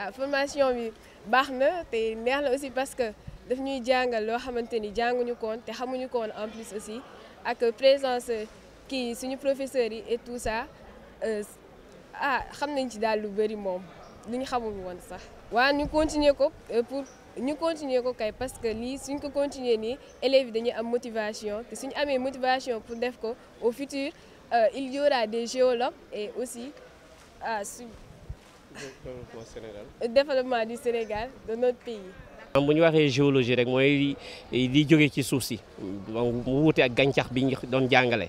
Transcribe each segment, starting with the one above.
La ah, formation est baax te que aussi parce que nous ñuy jàngal loo xamante ni nous koon te xamuñu en plus aussi la présence de suñu professeurs et tout ça euh, ah sommes des ci qui lu bëri moom li nous xamul sax. ñu continuer ko euh, pour ñu continuer parce que si suñ ko continuer nii élèves ont dañuy motivation. Si nous avons une motivation pour def au futur euh, il y aura des géologues et aussi ah développement di Sénégal de notre pays. bu ñu waxee géologie rek mooy di jóge ci suuf si mu wuute ak gàncax bi ñu doon jàngale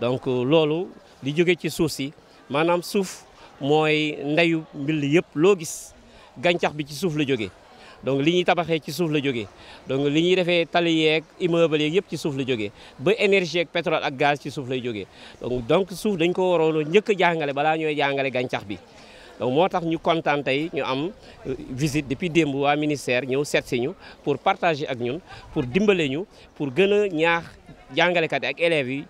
donc euh, loolu di jóge ci suuf si maanaam suuf mooy ndeyu mbill yëpp loo gis gàncax bi ci suuf la jóge donc li ñuy tabaxee ci suuf la jóge donc li ñuy defee tali yeeg immeuble yeeg yëpp ci suuf la jóge ba énergie ak pétrole ak gaz ci suuf lay jóge donc suuf dañ ko waroon njëkk a jàngale balaa ñooy jàngale gàncax bi. Nous sommes contents ñu ñu euh, visite depuis le ministère nous pour partager avec nous, pour nous nous, pour nous a ak élèves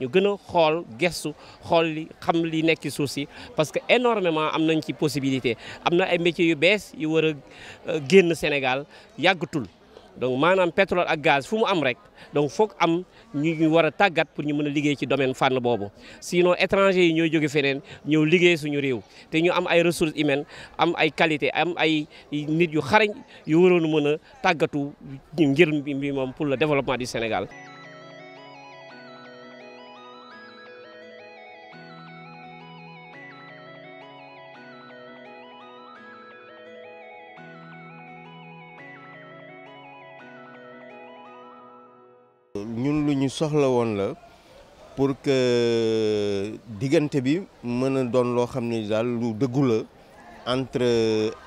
parce que énormément de possibilités. ci possibilité amna métiers yu yu euh, Sénégal donc maanaam pétrole ak gaz fu mu am rek donc foog am ñu ñu war a tàggat pour ñu mën a liggéey ci domaine fànn boobu sinon étranger yi ñooy jóge feneen ñëw liggéey suñu réew te ñu am ay ressources humaines am ay qualité am ay nit yu xarañ yu waroon mën a ngir mbi moom pour le développement du Sénégal. Nous lu ñu pour que nous bi entre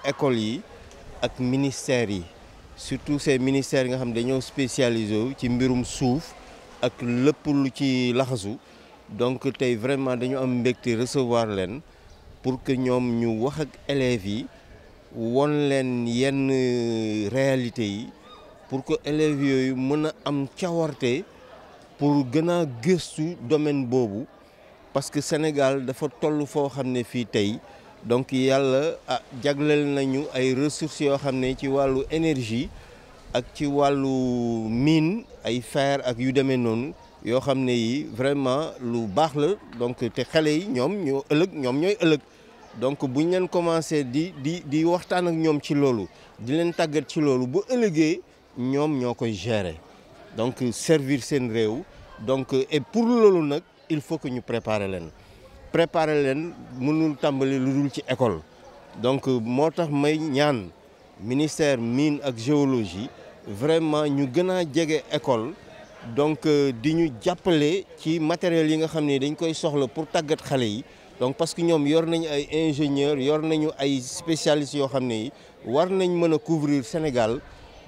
l'école et ministères surtout ces ministères spécialisés qui xam ne spécialisé ci mbirum ak donc vraiment recevoir pour que nous puissions élèves pour que élèves yooyu mën a am pour gagner a domaine bobu parce que Sénégal dafa toll foo xam ne fii donc il y a nañu ay ressources yoo xam ne ci wàllu énergie ak ci wàllu mine ay fer ak yu demee noonu yo xamné yi vraiment lu bax la donc te xalé yi ñom ñu ëlëk ñom ñoy ëlëk donc buñu ñu leen commencé di di di waxtaan ak ñom ci lolu di leen tàggat ci lolu bu ëllëgee ñom ñokoy gérer donc servir sen réew donc et pour lolu nak il faut que ñu préparer len préparer len mënul tàmbali lu ci école donc motax may ñaan ministère mine ak géologie vraiment ñu gëna a école donc di ñu jàppale ci matériel yi nga xamné dañ koy soxla pour tagat xalé yi donc parce que ñom yor nañ ay ingénieur yor nañu ay spécialistes yo xamné war nañ mëna couvrir Sénégal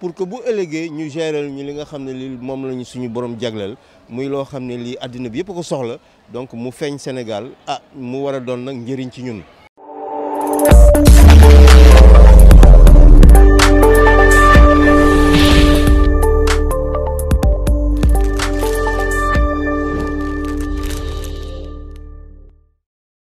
pour que bu ëllëgee ñu gérer ñu li nga xam ne li moom lañu suñu borom jagleel muy loo xam ne lii àddina bi yëpp ko soxla donc mu feeñ Sénégal ah mu war a doon nag njëriñ ci ñun